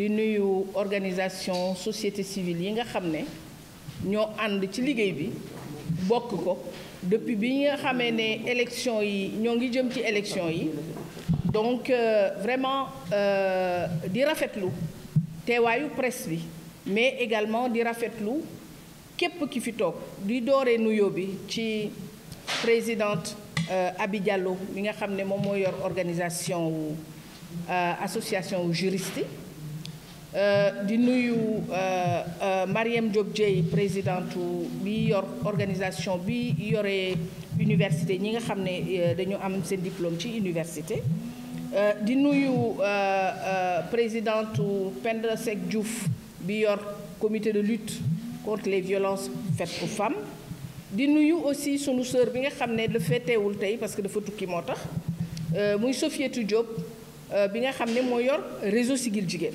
di nuyu organisation société civile yi nga xamné ne ñoo ànd ci liguey bi bokk ko depuis bi nga xamee ne élection yi ñoo ngi jëm ci élection yi donc euh, vraiment euh, di rafetlu wayu presse bi mais également di rafetlu képp ki fi tok di doré nuyoo bi ci présidente euh, Abi Diallo mi nga xamné mom mo yor organisation euh, association juriste euh, di nuyu euh, euh, Mariam Diop Diaye présidente bi yor organisation bi yoré université ñi nga xamné dañu am sen diplôme ci université di nuyu présidente Penda Sek Diouf bi yor comité de lutte contre les violences faites aux femmes di nuyu aussi sunu sœur bi nga xamné ne dafa teewul tey parce que dafa tukki motax euh muy Sofietou Diop bi nga xamné ne yor réseau sigil Jigéen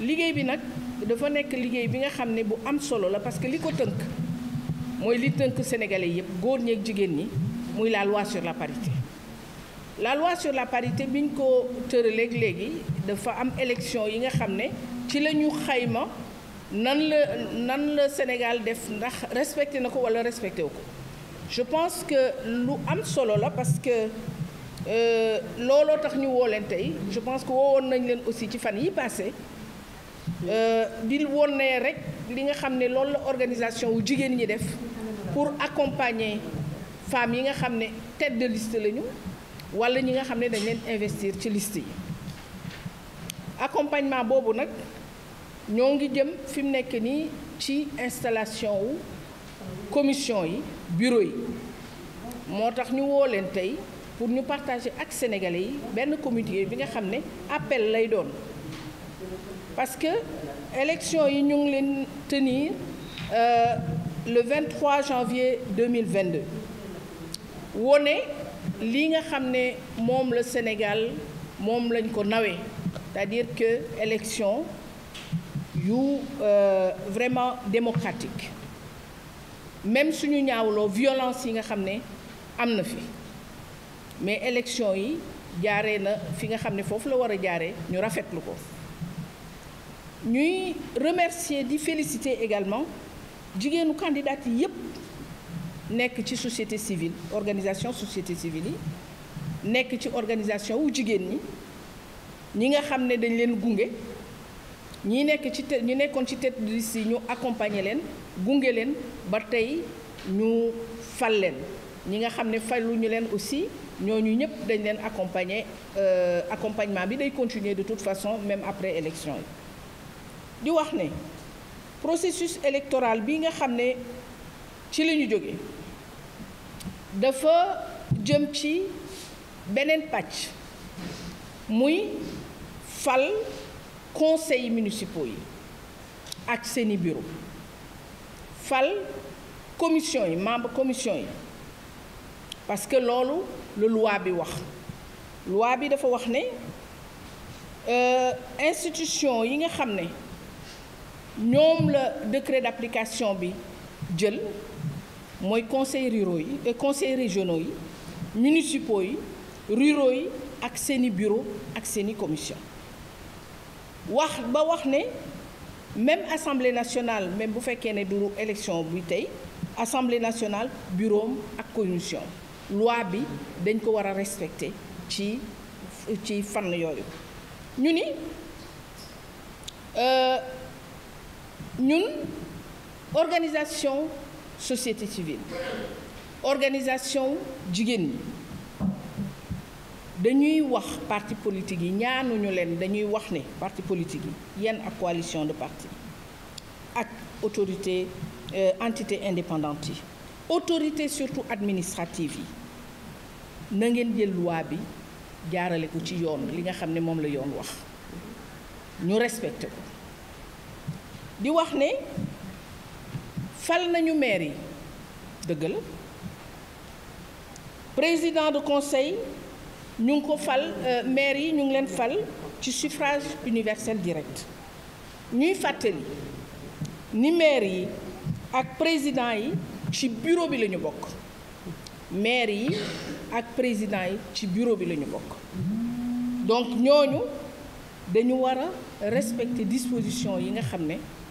liggéey bi nak dafa nek liggéey bi nga xam bu am solo la parce que liko teunk moy li teunk sénégalais yëpp góor ñeeg jigéen ñi muy la loi sur la parité la loi sur la parité bi ko ko leg legi dafa am élection yi nga xam ne ci lañu xayma nan la nan la Sénégal def ndax respecté nako wala respecté wu je pense que lu am solo la parce que euh, lolo tax ñu woo leen je pense que woowoon nañ len aussi ci fan yi passé euh, di woon rek li nga xam loolu organisation wu jigen ñi def pour accompagner femmes yi nga xam tête de liste lañu wala ñi nga xam dañ leen investir ci liste yi accompagnement bobu nak ñongi jëm fim mu nekk nii ci installation wu commission yi bureau yi motax ñu wo leen tay pour ñu partager ak sénégalais yi ben comité bi nga xam appel lay doon parce que l'élection yi ñu ngi tenir euh, le 23 janvier 2022 On est nga xam ne le Sénégal mom lañ ko nawé c'est-à-dire que élection yu euh, vraiment démocratique même suñu ñaawlo violence yi nga violence, nous fi mais élection yi jaaree na fi nga xamné fofu la wara a ñu rafetlu ko nous remercier et féliciter également nos candidats qui sont la société civile organisation société civile nek ci organisation wu jigéen ni, ñi nga dañ ci de ñu accompagner ba ñu fal ñi nga aussi euh, accompagnement continuer de toute façon même après élection di wax ne processus électoral bi nga xam ne ci la ñu jóge dafa jëm ci beneen pàcc muy fal conseil municipaux yi ak bureau fal commission yi membre commission yi parce que loolu le loi bi wax loi bi dafa wax ne euh, institution yi nga xam ñoom la décret d'application bi jël moy conseils ruraux et euh, conseils régionaux municipaux ruraux ak seni bureau ak seni commission wax ba wax né même assemblée nationale même bu féké né du élection bi tay assemblée nationale bureau ak commission loi bi dañ ko wara chi, respecter ci ci fan ñu ni ñun organisation société civile organisation du guinée dañuy wax parti politique nous ñaanuñu leen dañuy wax ne parti politique yi yenn ak coalition de partis, ak autorité euh, entité indépendante yi autorité surtout administrative nous na ngeen loi bi jaarale ko ci yoon li nga sont les moom la yoon di wax ne fal nañu maire yi dëgg la président de conseil ñu ngi ko fal euh, maire yi ñu ngi leen fal ci suffrage universel direct ñuy fàttali ni maire yi ak président yi ci bureau bi lañu ñu bokk maire yi ak président yi ci bureau bi lañu bokk donc ñooñu dañu war a respecter disposition yi nga xam ne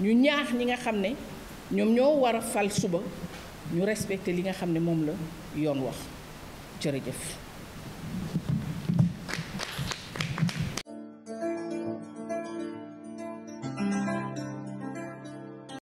ñu ñaax ñi nga xam ne ñoom ñoo war a fal suba ñu respecté li nga xam ne moom la yoon wax jërëjëf